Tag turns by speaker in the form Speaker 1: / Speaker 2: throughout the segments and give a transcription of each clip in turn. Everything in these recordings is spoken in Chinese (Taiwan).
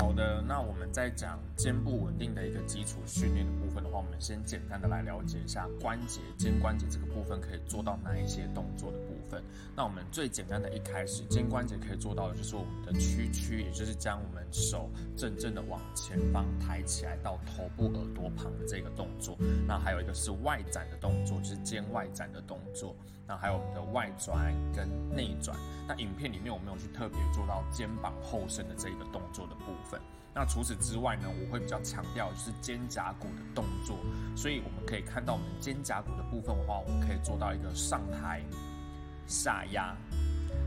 Speaker 1: 好的，那我們再講肩部穩定的一個基礎訓練。好，我們先簡單的來了解一下關節，肩關節這個部分可以做到哪一些動作的部分。那我們最簡單的一開始，肩關節可以做到的就是我們的屈曲，曲，也就是將我們手正正的往前方抬起來到頭部耳朵旁的這個動作。那還有一個是外展的動作，就是肩外展的動作。那還有我們的外轉跟內轉。那影片裡面我沒有去特別做到肩膀後伸的這個動作的部分。那除此之外呢，我會比較強調就是肩胛骨的動作。做，所以我們可以看到我們肩胛骨的部分的話，我們可以做到一個上抬、下壓，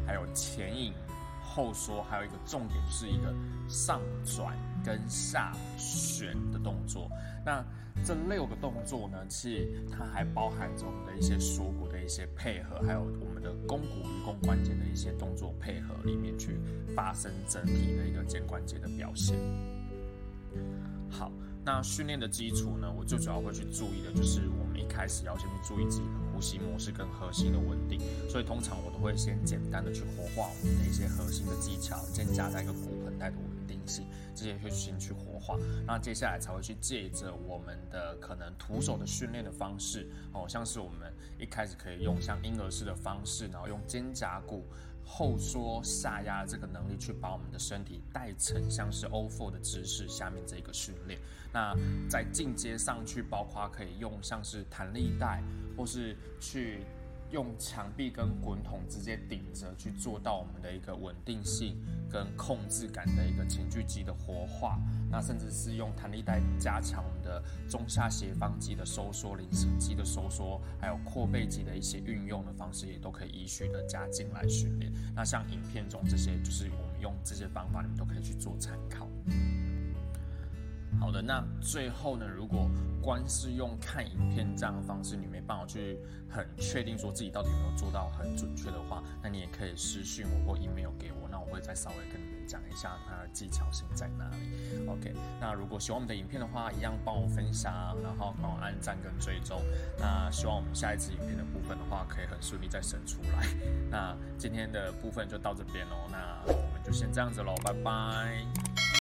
Speaker 1: 還有前引、後縮，還有一個重點是一個上轉跟下旋的動作。那這六個動作呢，其實它還包含着我們的一些鎖骨的一些配合，還有我們的肱骨與肱關節的一些動作配合裡面去發生整體的一個肩關節的表現。好。那訓練的基礎呢，我最主要會去注意的就是我們一開始要先去注意自己的呼吸模式跟核心的穩定，所以通常我都會先簡單的去活化我們的一些核心的技巧，先加在一個骨盆帶頭這些會去先去活化，那接下來才會去借着我們的可能徒手的訓練的方式，哦，像是我們一開始可以用像嬰兒式的方式，然後用肩胛骨後縮下壓這個能力去把我們的身體帶成像是 Over 的姿勢下面這個訓練。那在進階上去，包括可以用像是彈力帶，或是去。用牆壁跟滾筒直接頂着去做到我們的一個穩定性跟控制感的一個前鋸肌的活化，那甚至是用彈力帶加強我們的中下斜方肌的收縮、菱形肌的收縮，還有闊背肌的一些運用的方式也都可以依序的加進來訓練。那像影片中這些，就是我們用這些方法，你們都可以去做參考。好的，那最後呢，如果光是用看影片這樣的方式，你沒辦法去很確定說自己到底有沒有做到很準確的話，那你也可以私訊我或 email 給我，那我會再稍微跟你們講一下它的技巧性在哪裡。OK，那如果喜歡我們的影片的話，一樣幫我分享，然後幫我按讚跟追蹤。那希望我們下一支影片的部分的話，可以很順利再生出來。那今天的部分就到這邊嘍，那我們就先這樣子嘍，拜拜。